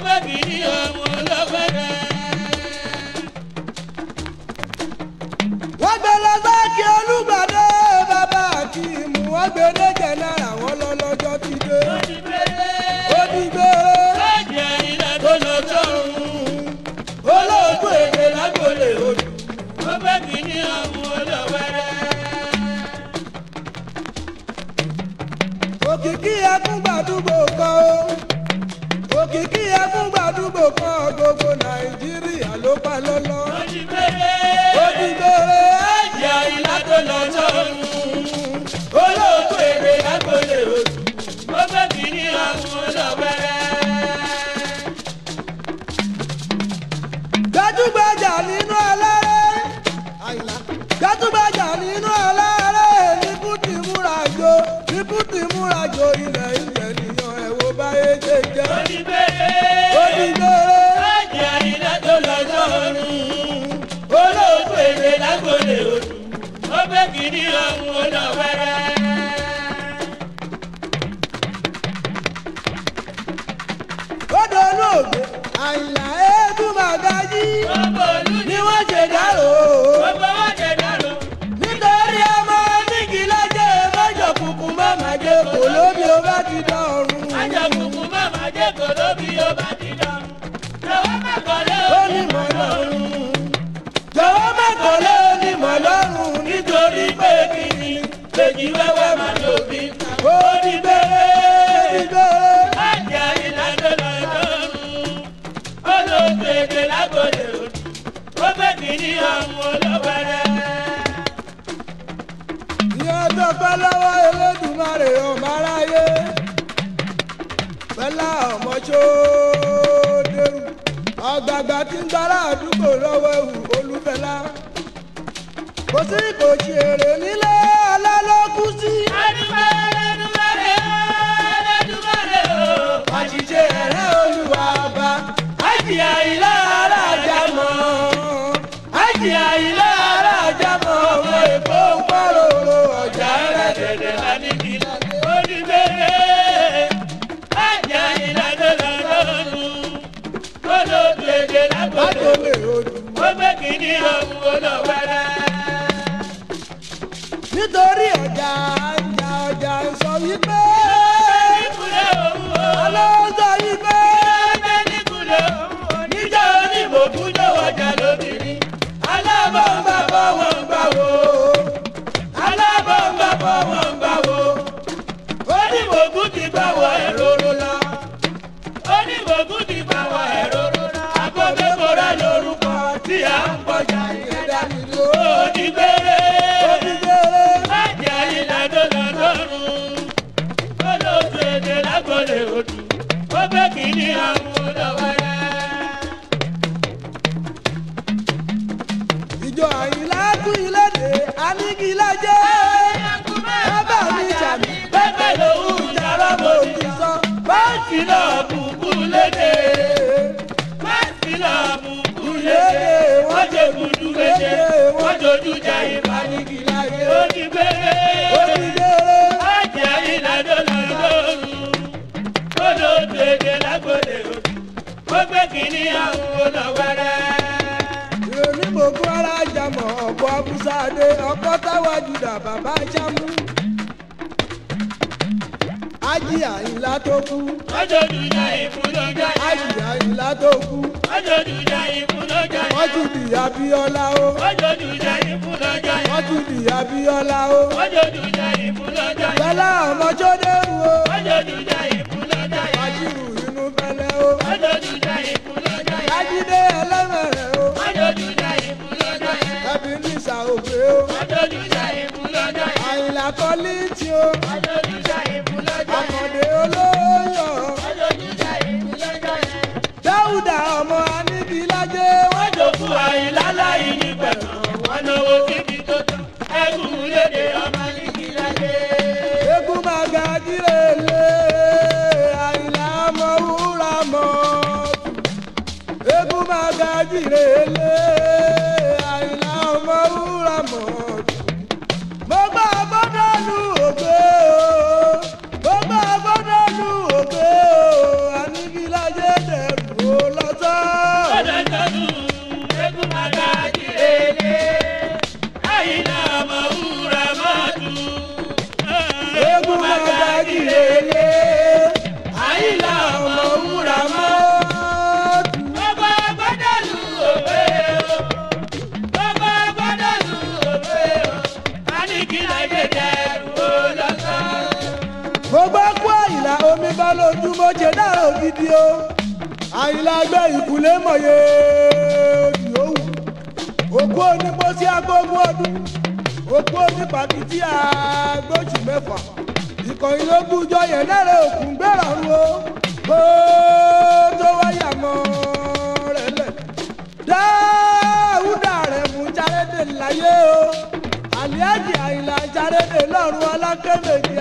Baba ṣòdẹrù àgbààgbà tí ń gbára àdúgbò lọ́wọ́ ẹ̀hù olúfẹ́lá kò sí kò ṣe èrè nílé alálọ́kù sí. adúgbò ẹlẹ́dúgbò rẹ̀ ẹlẹ́dúgbò rẹ̀ o. àṣìṣe ẹ̀rẹ́ olúwa bá àjìyà ilé alájà mọ́ àjìyà ilé alájà mọ́ ọmọ èkó ń pàrọ̀ ọjà ẹlẹ́dẹ̀dẹ̀ lá níbi lánàá. lọ́nà wẹ́rẹ́. nítorí ọjà ọjà ọjà ń sọ wípé. ọlọ́sọ wípé. níjọ́ onímọ̀kú ló wọjà lóbìnrin. alábọ̀ ń bá bọ̀ wọ́n gbà wò. alábọ̀ ń bá bọ̀ wọ́n. Enough. ṣàmú. Ájì Àyìnlá tó kú. Ọjọ́dúnjà ìfúnlọ́jà yá. Ájì Àyìnlá tó kú. Ọjọ́dúnjà ìfúnlọ́jà yá. Wọ́n tún di abiola o. Ọjọ́dúnjà ìfúnlọ́jà yá. Wọ́n tún di abiola o. Ọjọ́dúnjà ìfúnlọ́jà yá. Bẹ́lá ọmọ wo, o. Ọjọ́dúnjà ìfúnlọ́jà yá. Wájúrù inú fẹ́lẹ́ o. Ọjọ́dúnjà ìfúnlọ́jà yá. Lájídé ẹlẹ́mẹ̀rẹ̀ o. Ọjọ́dúnjà ìfúnlọ́jà yá. Ẹbí ní ìsà òkè o. Ọjọ́dúnjà akọ́lítì o. ọjọ́jújà ìbú lọ́jọ́ yẹn. àkàndé olóyò. ọjọ́jújà ìbú lọ́jọ́ yẹn. dáúdà ọmọ aníbilájẹ́. wọ́n jòkó àyìnlá láyé ní pẹ̀lú wọn náwó kíbi tó tán. ẹkùn lédè ọmọ aníbilájẹ́. egun máa ga jíre lé àyìnlá ọmọ wúrà mọ́. máa ga jíre àyìnlá gbé ìkúlé mọ̀yé òdì òwú òkú onípòsí agbógun ọdún òkú onípàkìtì àgbóṣù mẹ́fà ìkọ̀yìn ló gbújọ yẹn lẹ́rẹ̀ òkú gbéra ru o kó tó wáyà mọ́ rẹ̀ lẹ̀ dáúdà rẹ̀ mú járédè láyé o àlíájì àyìnlá járédè lọ́rùn alákẹ́mẹ̀dì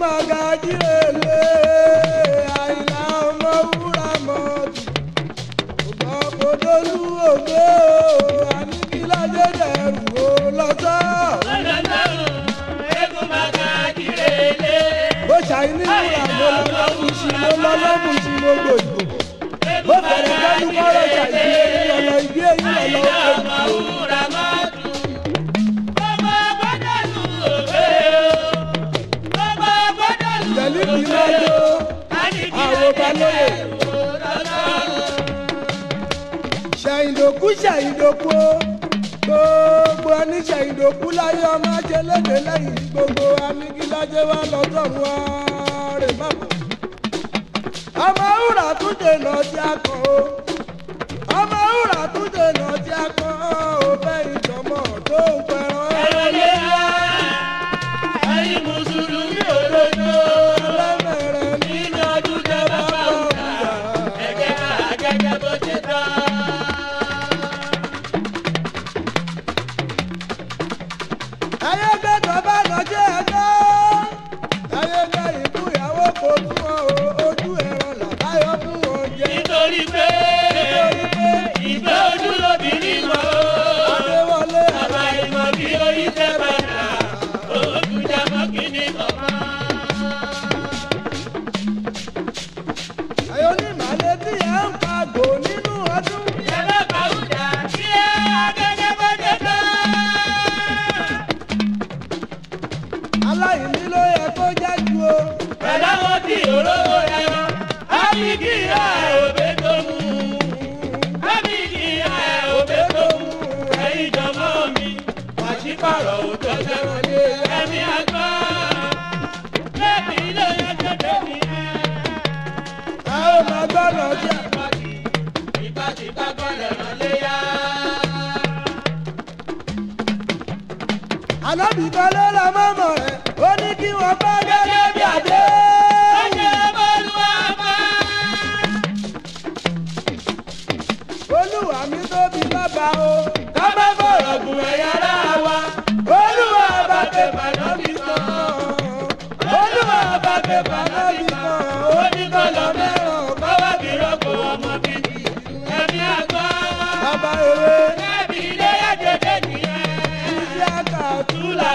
magaji ele àyìnlá ọmọ wúrà mọ́ọ̀dù ọgbọ́n kòdólú ògbé o àníkíládé dẹrù o lọ́sọ́. bó ṣàyìn ní wúrà mo lọ lọ́bùsí mo lọ lọ́bùsí mo gbòògbò bó bẹ̀rẹ̀ lọ́dún mọ́rọ̀ ṣàyìn ta lóye. ṣàyìndòkú ṣàyìndòkú o gbogbo ẹni ṣàyìndòkú láyé ọmọ ajé lédè lẹ́yìn gbogbo amígílájẹ́ wa lọ́tọ̀ wá rè bàbà. ọmọ wúrà tún dènà tí a kọ o ọmọ wúrà tún dènà tí a kọ o fẹ́ ìjọmọ tó ń pẹ́. ànábì kan ló lọ mọ́mọ́ rẹ̀ ó ní kí wọ́n bá gẹ́gẹ́ bí àdé. olúwa mi tóbi bàbá o ká bá fọ̀rọ̀ gùn ẹ̀yà ara wa olúwa bá tẹ̀ bàdá mi tán olúwa bá tẹ̀ bàdá mi tán ó ní kọ́ lọ mẹ́ràn báwa kì í rọ́pò ọmọ bíbí ẹ̀mí àgbà. bàbá ewé.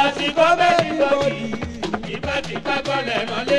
àsìkò méjì lòdì ìbá ti ká gbọ́lẹ̀ mọ́lẹ̀.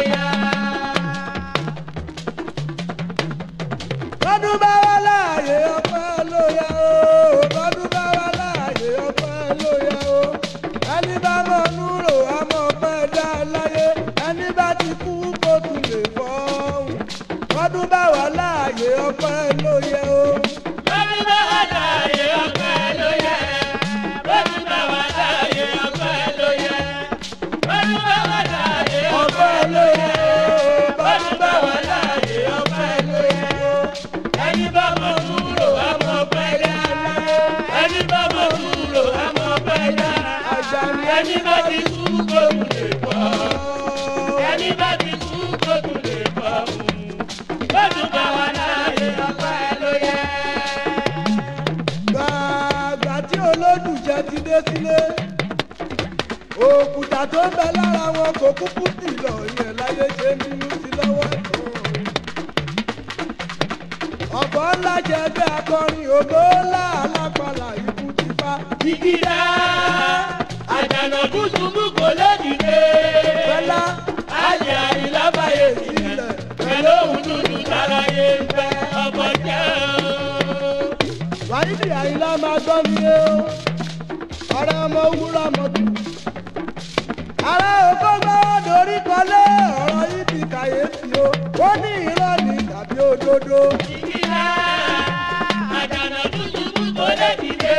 ń bẹ lára wọn kò kúkú kìlọ̀ yẹn láyé ṣe ń bínú sí lọ́wọ́. ọ̀pọ̀ ńlá jẹ bí akọrin ògbó ńlá alápàlà ikú ti pa. ìgìdá àjànàkú ṣubú kò lè dìde. bẹ́lá ayé àyílá báyé sílẹ̀ pẹ̀lú òun dúdú tára yé ń bẹ́ ọkọ̀ jẹ́ o. wáyé àyílá máa gbọ́ mi o ọ̀rẹ́ ọmọ wúrà mọ́tò ará oko gbọ́wọ́ dorí kọlé ọ̀rọ̀ yìí ti kàyéfì o ó ní irọ́ ni tàbí òdodo. ìdílé àjànà tuntun tó lè dìde.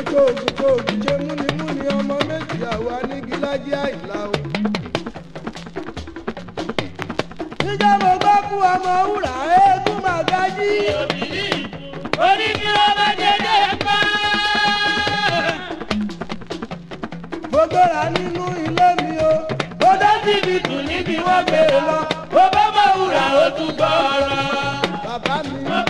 òjò ògùjọ ògùjẹ múnimúni ọmọ méjì àwa ní gílájí àìlá o. níjọ́ mo gbọ́ kú ọmọ wúrà eégún màgájí. orí mi bá dédé pa. mo gbọ́ra nínú ilé mi o. mo dá síbi tù níbi wọ́n gbé e lọ. mo bá mọ̀ wúrà ó tún gbọ́ ọ̀rọ̀. bàbá mi.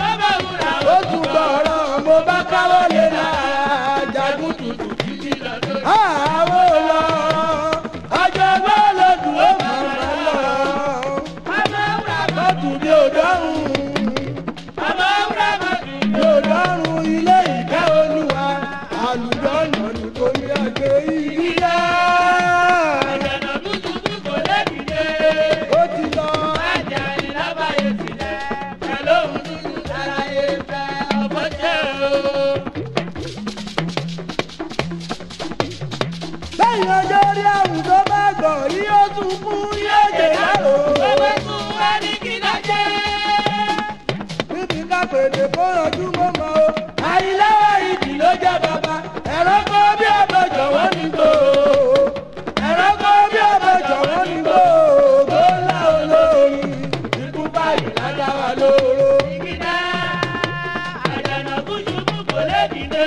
fèdè kó rọdún mọ́mọ́ o. àyíláwọ̀ ìdì ló jẹ́ bàbá ẹ̀rọ kọ́ bí ọ̀bọ̀ jọ̀wọ́ mi gbò ó. ẹ̀rọ kọ́ bí ọ̀bọ̀ jọ̀wọ́ mi gbò ó. gbólà olórí ikú báyìí ládá wa lóró. ìgbìdá àjànà kúṣubú kò lè dìde.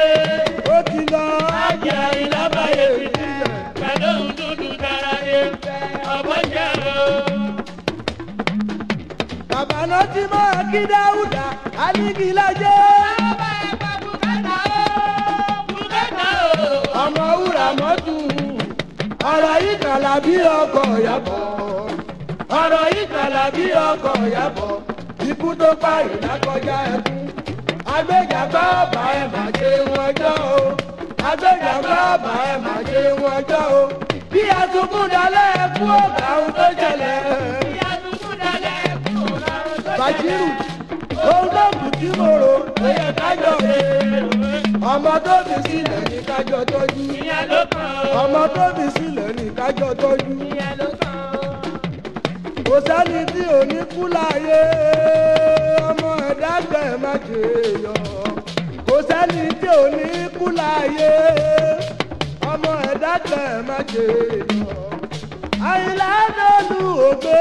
ó ti lọ. ajá ìlàbàyè fìdí pẹ̀lú dúdú dára dé ọ̀bọ̀ jẹ́ o. bàbá náà ti máa kí dáúdà aligilajẹ. ọba ẹ̀fọ́ bùkátà o bùkátà o. ọmọ wúrà mọ́tù ọ̀rọ̀ yìí kàlà bí ọkọ̀ yàbọ̀ ọ̀rọ̀ yìí kàlà bí ọkọ̀ yàbọ̀ ikú tó pààyàn lákọjá ẹkún agbẹ́jà bàbá ẹ̀ máa ṣe wọn jọ́ o agbẹ́jà bàbá ẹ̀ máa ṣe wọn jọ́ o bí atukun dalẹ̀ ẹkún ọ̀gá ohun tó jẹlẹ̀. bí atukun dalẹ̀ ẹkún ọ̀gá ohun tó jẹlẹ̀ òun náà kù tí mo rò ó yẹ kájọ rè ọmọ tó fi sílẹ̀ ní kájọ tọ́jú ọmọ tó fi sílẹ̀ ní kájọ tọ́jú kò sẹ́ni tí ò ní kú láyé ọmọ ẹ̀dá gbẹ̀ má ṣe yọ kò sẹ́ni tí ò ní kú láyé ọmọ ẹ̀dá gbẹ̀ má ṣe yọ àyìnlá náà lù ògbé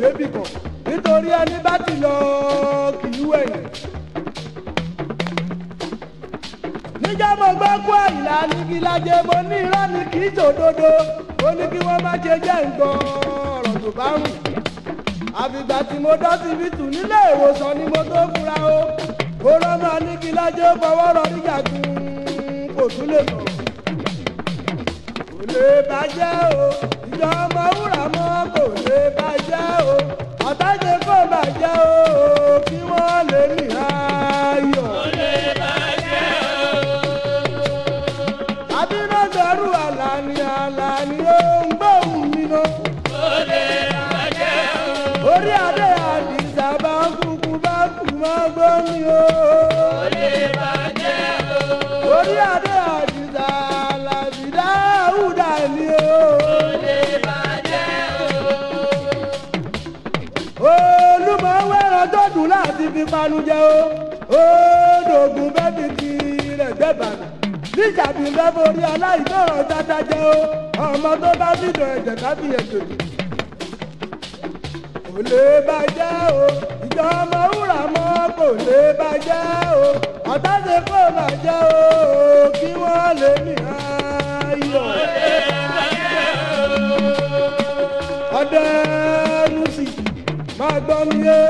débì kan nítorí ẹni bá ti lọ kì í wẹ̀yìn. níjọ́ mo gbọ́ kó àyìnlá nígi lajẹ mo ní irọ́ ni kì í ṣòdodo ó ní kí wọ́n má ṣe jẹ́ nǹkan ọ̀rọ̀ tó bá rùn. àfìgbà tí mo dọ́sibítù nílé ìwòsàn ni mo tó fura o ó rọ́mọ nígi lajẹ ó fọwọ́ rọ níjà tún kò tún lè sọ̀rọ̀ kò lè bàjẹ́ o ìjọ ọmọ wúrà mọ́ kò lè bàjẹ́ o ọ̀tá ṣe kó bàjẹ́ o kí wọ́n lè nìyà. dògùn láti fi panu jẹ o ó dògùn bẹ́ẹ̀ fi kiri rẹ̀ gbẹ́bàdàn níjàdí ń bẹ́ borí aláìgbọràn dáadáa jẹ o ọmọ tó bá bìdàn ẹ̀jẹ̀ tábì ẹ̀jẹ̀ kò lè bàjẹ́ o ìjọ ọmọ wúrà mọ́ kò lè bàjẹ́ o ọ̀tá ṣe kó o kí wọ́n lè mí ayọ̀. ọdẹ ẹnu sì máa gbọ́ mi yé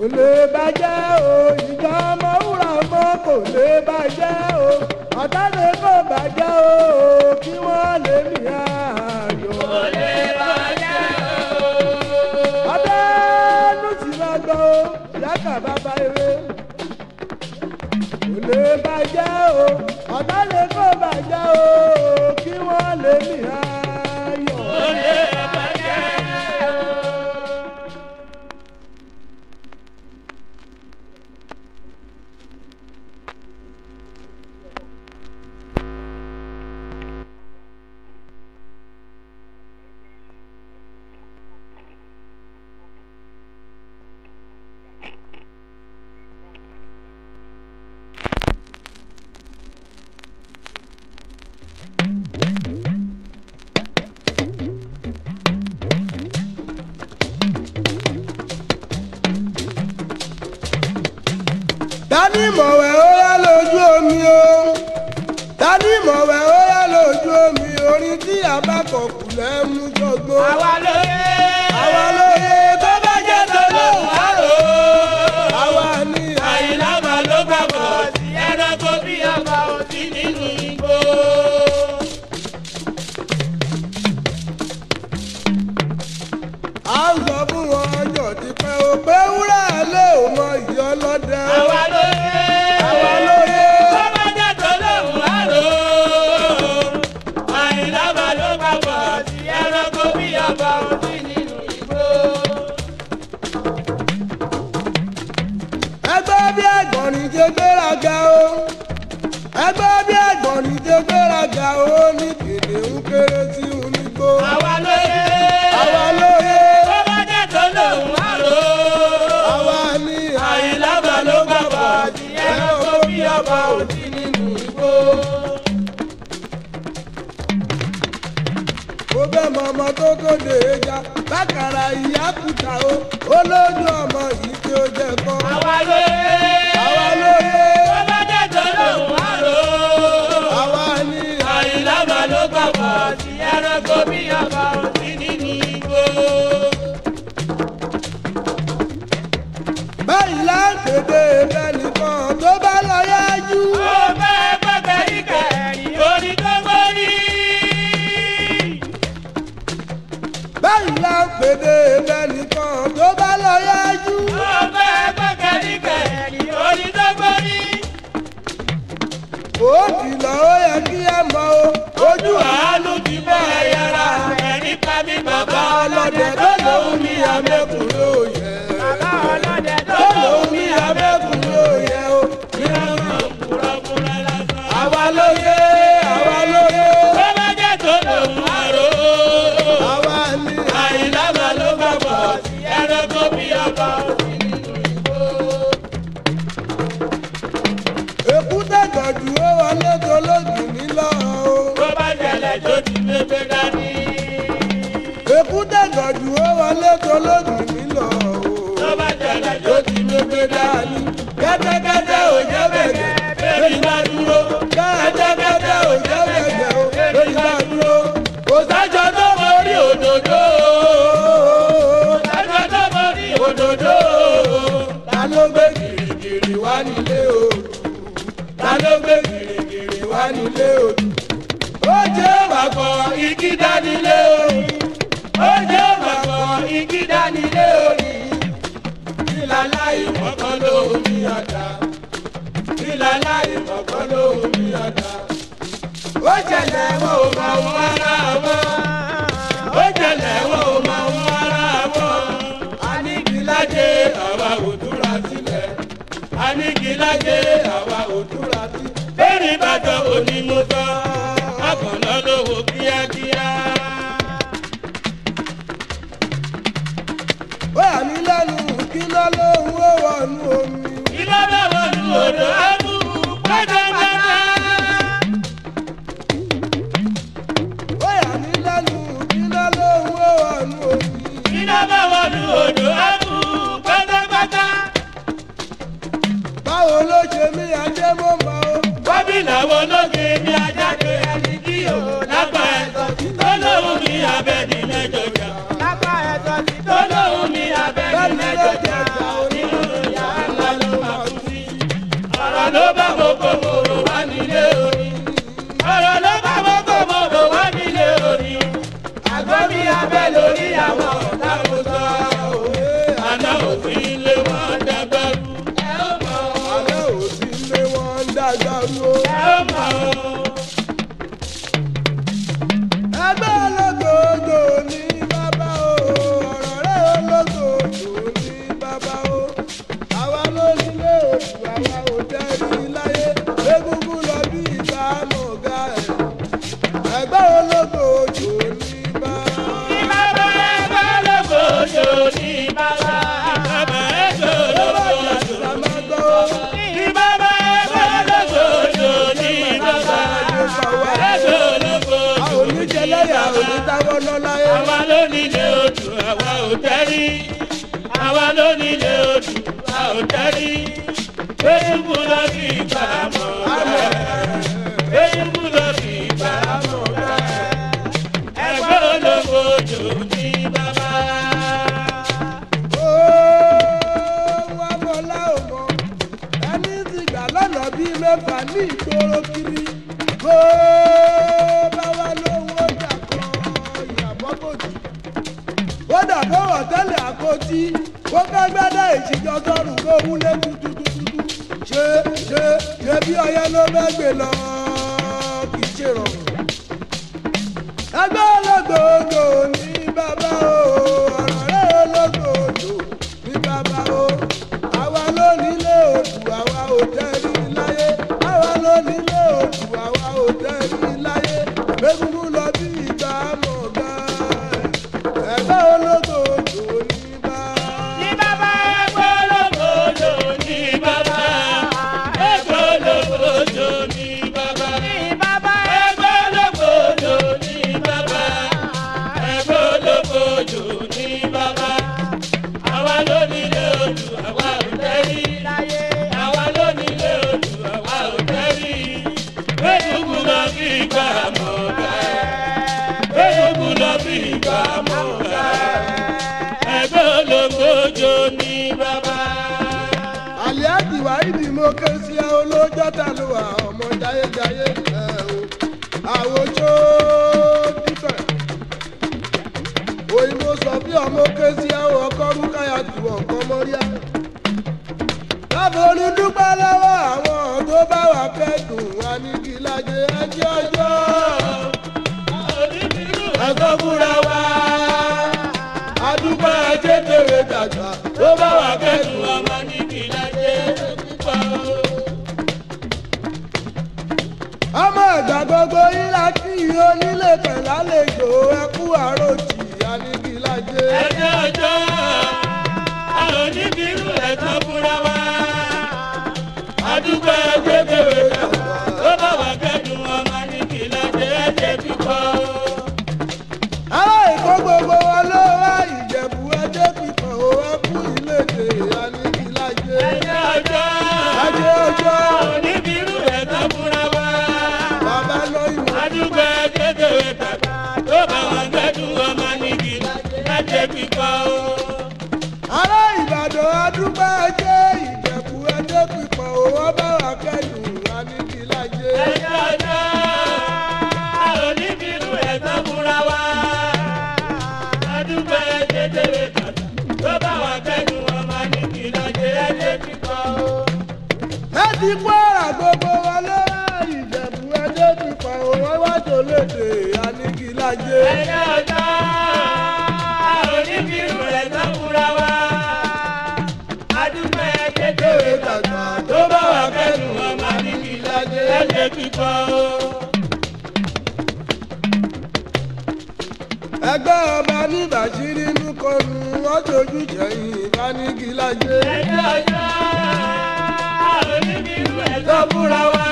kò lè bàjẹ́ o ìjọ ọmọ wúrà ọmọ kò lè bàjẹ́ o ọ̀tá lè kó bàjẹ́ o kí wọ́n lè mí ààyò. kò bàjẹ́ o. ọbẹ̀ ẹnu ti lọ gbọ́ o bàbá eré. kò bàjẹ́ o ọ̀tá lè kó bàjẹ́ o kí wọ́n lè mí ààyò. kò bàjẹ́ o. tí mo wẹ̀ ó yá lójú omi orin tí abákọ̀kù lẹ́ mú jọgbó. àwa lóye. àwa lóye tó bá jẹ́ tó àrò. àwa ni. àyìnlá máa ló bá bọ̀ sí ẹranko bí ọba òsì nínú igbó. a ń sọ fún wọn ọjọ́ ti pẹ́ o pé wúrà lé òun ọ̀yọ́ lọ́dẹ. àwa lóye. àgbàlá ó ní kèdè ń kéré tí ń nígbó. àwa lóye. àwa lóye. ni àyìnlábà ló bá bọ̀ àdìyẹ tó bí ọba òdì nínú igbó. mo bẹ́ bákàrà ìyá kùtà o ó ọmọ yìí tí ó jẹ kọ́. àwa lóye. ṣùgbọ́n ó yẹ kí ẹ mọ̀ o ojú àánú. èkúté gànjú ó wọlé tó lójú mi lọ o. tó bá jọ̀dá tó ti gbégbé dání. kẹ́tẹ́kẹ́tẹ́ ò jẹ́ bẹ̀gẹ̀ lórí máa dúró. kẹ́tẹ́kẹ́tẹ́ ò jẹ́ bẹ̀gẹ̀ lórí máa dúró. kò sájọ tó mọ orí òdòdó. sájọ tó mọ orí òdòdó. ta ló gbé gìrìgìrì wá nílé o. ta ló gbé gìrìgìrì wá nílé o. ó jẹ́ wàgbọ̀ igi dánilé o. láláì kọ̀kọ́ ló mi ọ̀dà. ó jẹ̀lẹ̀ wo máa ń wára wọ́. ó jẹ̀lẹ̀ wo máa ń wára wọ́. a ní kí lájẹ àwa ò dúra sílẹ̀. a ní kí lájẹ àwa ò sílẹ̀. bẹ́ẹ̀ ni bàjọ́ òní mo tọ́. akànnà lówó kíákíá. wà mí lẹ́nu kí lọ́lọ́run ó wọnú omi. kí lọ́lọ́run ó odò á. lónílé odù a ò tẹ́rí péjúbù lọ sí ìbámu rẹ̀ péjúbù lọ sí ìbámu rẹ̀ ẹgbẹ́ olóko jò ní bàbá. bíi ní ìgboro kiri bó bá wà lówó ọjà kan ìyàbọ̀ bòjì ó dàbọ̀ wọ̀ tẹ́lẹ̀ àpótí ó gbẹ́gbẹ́dẹ́ ìṣìjọ sọ́run tó wú lẹ́kùn tuntun ṣe ṣe ṣe bí ọyẹ́ ló mẹ́gbẹ́ lọ kì í ṣèrọ̀rùn. ẹgbẹ́ olóògbé ògò ní bàbá o. àgbà gbogbo yín la kí onílé kan lálejò ẹ kú àròjì alíbílájẹ. ẹjọ́ ọjọ́ àlọ́ níbi irú ẹ̀ tó fúnra wá. adúgbò ẹgbẹ́ bẹ̀rẹ̀ náà. ajé ìjẹ̀bú ẹjẹ́ pípọ̀ owó bá wà kẹ́dùn wá níbi lájẹ́. ẹjọ́ ọjọ́ oníbìlú ẹ̀tọ́ múra wá adúgbò ẹjẹ́ tẹ̀lé kàtà tó bá wà kẹ́dùn wọn máa níbi lájẹ́ ẹjẹ́ pípọ̀ o. ẹ ti kó ara gbogbo wọlé ìjẹ̀bú ẹjẹ́ pípọ̀ owó wá tó léde àníkí ẹjọ́ ọjọ́. dúpẹ́ kékeré tàgbà tó bá wà kẹ́nu ọmọ níbi lájẹ́ ẹ̀jẹ̀ kíkọ́. ẹgbẹ́ ọba ní bàṣírí inú kọnu wọ́n tójú jẹ̀yìn ìbánigi lájẹ́. ẹjọ́ ọjọ́ àwọn oníbìrú ẹ̀ tó fúnra wá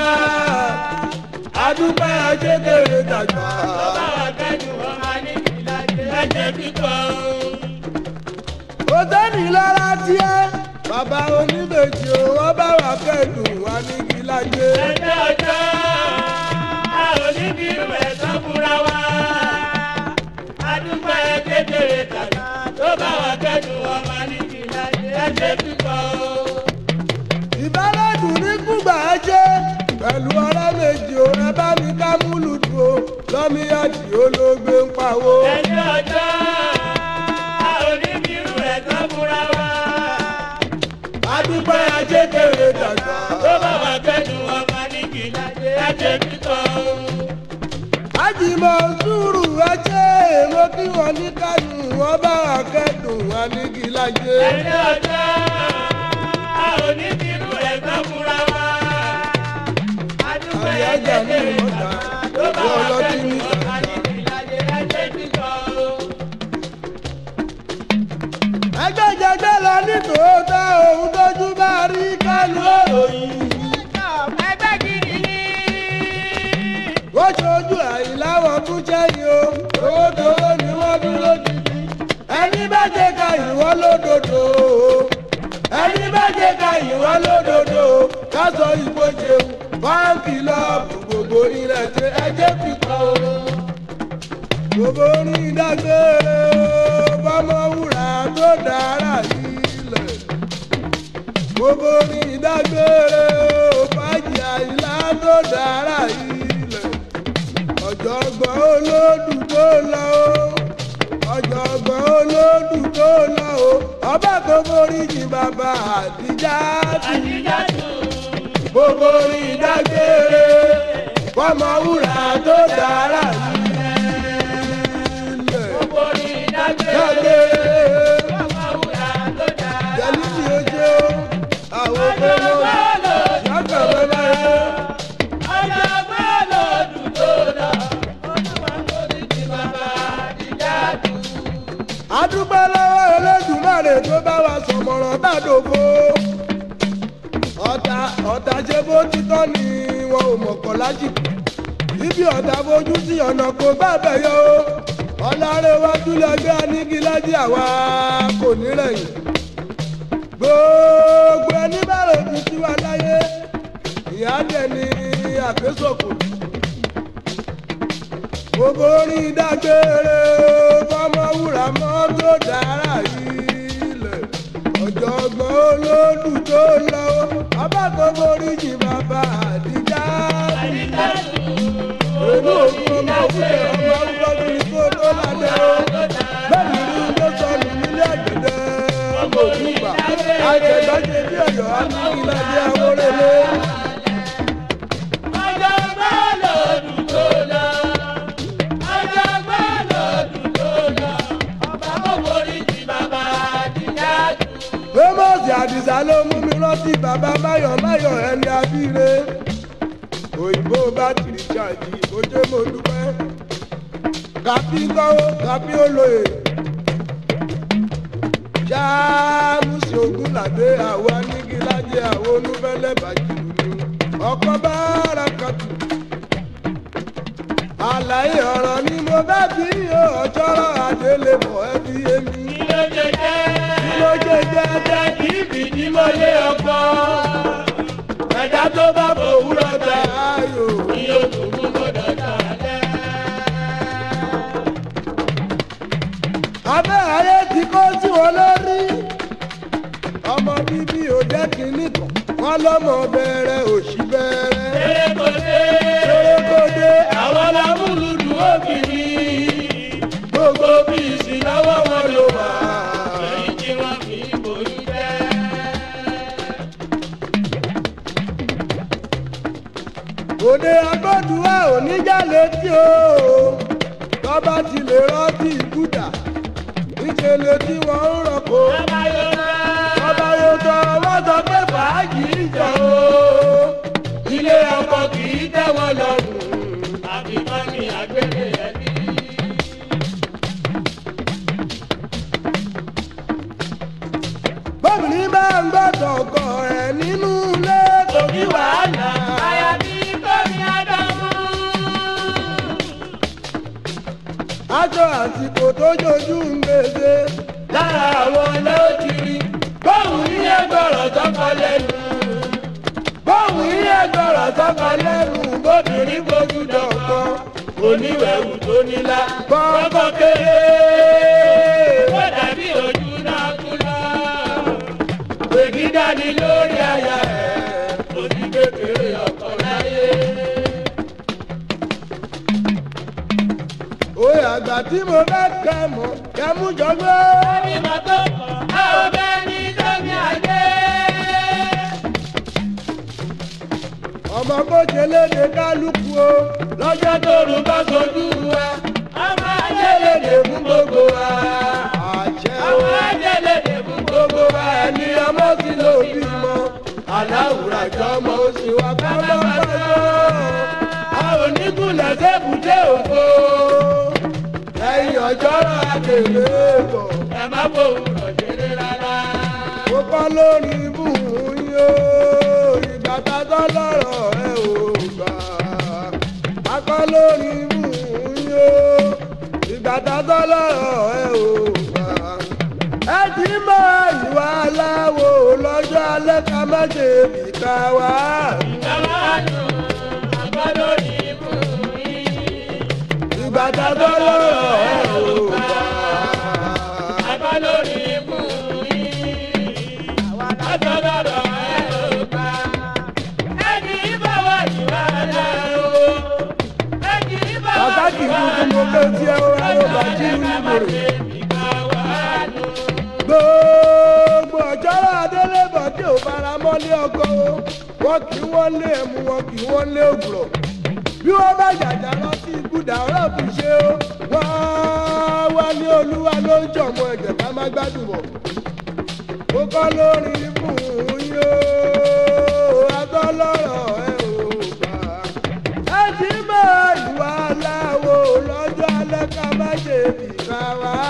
adúpẹ́ ajédèrè dàgbà. bàbá wa kẹ́nu ọmọ níbi lájẹ́ ẹ̀jẹ̀ kíkọ́. kò tẹ́nìlára tiẹ́ bàbá oníbejì o wọ́n bá wà pẹ̀lú wa ní kílájé. ẹjọ́ ọjọ́ a ò ní bí irú ẹ̀ sọ fúnra wa adúgbò ẹ kékeré tàbí tó bá wà pẹ̀lú ọmọ ní kílájé ẹgbẹ́ pípọ̀ o. ìbálòdùn ní kúgbà ẹjẹ́ pẹ̀lú ọ̀rẹ́ méjì o ẹ bá mi ká múlùdùn o lọ́míyàjì olóògbé ń pawó. ẹjọ́ ọjọ́. ajé kéré dàgbà. tó bá wà kẹ́dùn ọmọ níbi lájẹ ajé kíkọ́. ajímọ̀ sùúrù ajé mo kí wọn ní kánú wọn bá wà kẹ́dùn wọn níbi lájẹ. ẹ̀yin ọjọ́ a ò ní bí irú fúnra wa. adúgbò yẹn jẹ́ kéré dàgbà. tó bá wà kẹ́dùn ọmọ níbi lájẹ ajé kíkọ́. ẹgbẹ́ jẹgbẹ́ lọ nítòótọ́ òun tó lẹ́nu òròyìn. ẹgbẹ́ gidi ni. lójoojú àìláwọ̀ tún jẹ́ ni o lódòdó ni wọ́n bí lójijì. ẹni bá jẹ́ ká ìwọ́ lódodo ẹni bá jẹ́ ká ìwọ́ lódodo ká sọ ìbò jẹun báńkì lọ́ọ̀bù gbogbo ilẹ̀ tẹ ẹjẹ́ fi kàn ó. gbogbo orin dágbére bọ́mọ wúrà tó dára sí mo borí ìdágbére òfàjì àyílá tó dára ilẹ̀ ọ̀jọ̀gbọ́n olódùgbò lọ o ọ̀jọ̀gbọ́n olódùgbò lọ o ọba tó borí jì bàbá àdìjá tù mo borí ìdágbére wọ́n mọ wúrà tó dára. bá dògbò ọ̀tá ọ̀tá ṣe bó títọ́ ni wọn ò mọ̀kọ́ lájì ibi ọ̀tá fojú sí ọ̀nà kò bá bẹ̀ yọ o ọ̀làrẹ̀ wájú lẹ́gbẹ́ anígi lájí àwa kò ní rẹ̀yìn gbogbo ẹni bá rò ju tiwa láyé ìyá dẹ̀ ni àgbésòkò gbogbo orin dágbére fọmọ wúrà mọ́ tó dára yìí ọ̀gbọ́n olódùn tó lọ́wọ́ bàbá kan borí jì bàbá àdìjá. àdìjá ìlú òkú ọmọ òkúta ọmọ arúgbó ní kó tó lálẹ́ o. bẹ́ẹ̀ni ní ló sọ ní nílé àgbẹ̀dẹ ọmọ òkúta àjẹgbẹ́jẹ bí ọ̀yọ́ á ní àwọn olóore. àdìsá ló mú mi rántí bàbá báyọ̀ báyọ̀ ẹni abíire òyìnbó bátìrì ṣáàjì ìbòjé mo dúpẹ́ kàbí kọ́wọ́ kàbí olóye ṣáàmùsì ogun làdé àwọn anígilájẹ àwọn olúfẹ́lẹ́ bàjìlù ni ọkọ̀ bára kàtù àlàyé ọ̀rọ̀ ni mo bá bí ọjọ́rọ̀ àdélébọ̀ ẹbí èmi ló jẹjẹ. ló jẹjẹ. jẹ́kì fìdí mọ́lé ọkọ. ẹ̀dá tó bá bò wúrọ̀ gbà. ni o tún mú gbọ́dọ̀ tà lẹ́. abẹ́ ayé ti kó tí wọ́n lórí. ọmọ bíbí ò jẹ́ kínní kan wọ́n lọ́mọ bẹ̀rẹ̀ òṣì bẹ̀rẹ̀. ṣeré kò dé. ṣeré kò dé. dá létí o tọ́ba ti lè rántí ìkúdà níṣẹ́ létí wọn ń rọ̀kọ́ ọba yóò tọ́ wọ́n sọ pé fàájì ń jọ o ilé ọkọ kì í tẹ́ lọ́rùn àbí mọ́ ni ẹbí. bọ́ọ̀lù ní bá ń gbọ́dọ̀ ọkọ rẹ̀ nínú ilé kò wàhálà. aṣọ àsìkò tó jojú ń gbèsè. lára àwọn ló ti rí bóun ní ẹgbọ̀rọ̀ tọkọ lẹ́nu. bóun ní ẹgbọ̀rọ̀ tọkọ lẹ́nu bóbìnrin fojú dọ̀kan oníwẹ̀wù tó nílá. bọ́kọ̀ kéré. ìgbà tí mo fẹ́ kẹ́ mọ̀ kẹ́ mú jọ gbé. lórí ìgbà tó kọ̀ á ò bẹ́ ní lómi àgbé. ọmọ bó ṣe léde kálukú o lọ́jọ́ tó rú bá sojú wa a máa jẹ́ léde fún gbogbo wa. àṣẹ o a ọmọ sí lóbi mọ́ aláwùrà jọmọ ó sì bá bá bá yọ. a ò ní òfo ẹ̀yin ọjọ́rọ̀ àtẹ̀lé bọ̀. ẹ má bò wúrọ̀ jẹ́rẹ́ rárá. mo kọ́ lórí bùhún yóò ìgbà tá a tọ́ lọ́rọ̀ ẹ ò gbà. a kọ́ lórí bùhún yóò ìgbà tá a tọ́ lọ́rọ̀ ẹ ò gbà. ẹ ti mọ ìwà aláwo lọ́jọ́ alẹ́ ká má ṣe ìka wá. ìka wá ni. bàtà tó lọ́rọ̀ ẹ̀ ò bá. bàbá lórí ikú yìí bàtà tó lọ́rọ̀ ẹ̀ ò bá. ẹni bá wà ìwà dá o. ẹni bá wà ìwà dá o. bàbá kì í kúkú mo pé tí ẹ wá ló bá jí ní ìgboro. gbogbo ọjọ́ adélébọ̀ tí ò bára mọ́lé ọkọ o wọ́n kì í wọ́n lé ẹ̀mú wọ́n kì í wọ́n lé ògùrọ̀ bí wọ́n bá jàjà lọ sí ibùdó ọ̀rọ̀ kù ṣe ó wọ́n wá ní olúwa ló ń jọ̀mọ ẹ̀jẹ̀ ká má gbádùn bọ̀ mo kọ́ lórí fún un yóò agbọ́lọ́rọ̀ ẹ̀ ò bá ẹ ti mọ ìwà aláwo lọ́jọ́ alẹ́ ká má ṣe bìbá wa.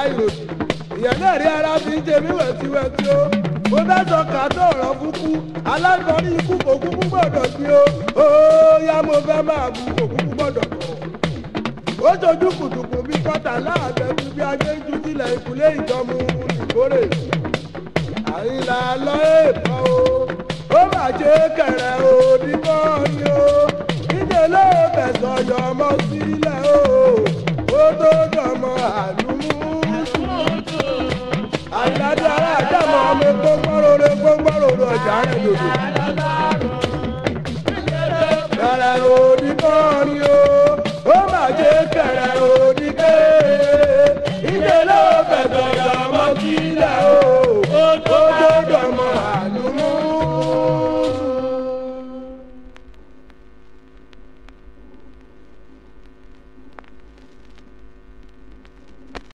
láìlòdì ìyẹ̀lẹ̀ rí ara fi ń jẹmí wẹ̀tíwẹ̀tí o mo fẹ́ sọ kàtó ọ̀rọ̀ kúkú alágbọ̀nrín ikú kò kúkú gbọ́dọ̀ sí o ó yá mo fẹ́ máa mú kò kúkú gbọ́dọ̀ bọ̀ ó sojú kùtùkù bí kọ́tà láàbẹ̀tú bí agbẹ́jú tilẹ̀ ìkúlé ìjọmu ìkórè àyìnlá lọ èèpọ̀ o ó mà ṣe kẹrẹ o nígbà ni o nídìí ló fẹ̀sọ̀ yọmọ sílẹ̀ o ó tó dọ̀mọ àlùmọ́ àyàdé ara àjàmọ́ ọmọ epo gbọ́rọ̀ ọ̀rọ̀ epo gbọ́rọ̀ ọ̀rọ̀ ọjà rẹ̀ lòdò. kẹrẹ òdì náà ni o ó mà jẹ kẹrẹ òdì ké ilé ló bẹ̀tọ̀ yọ̀ ọmọ kílẹ̀ o.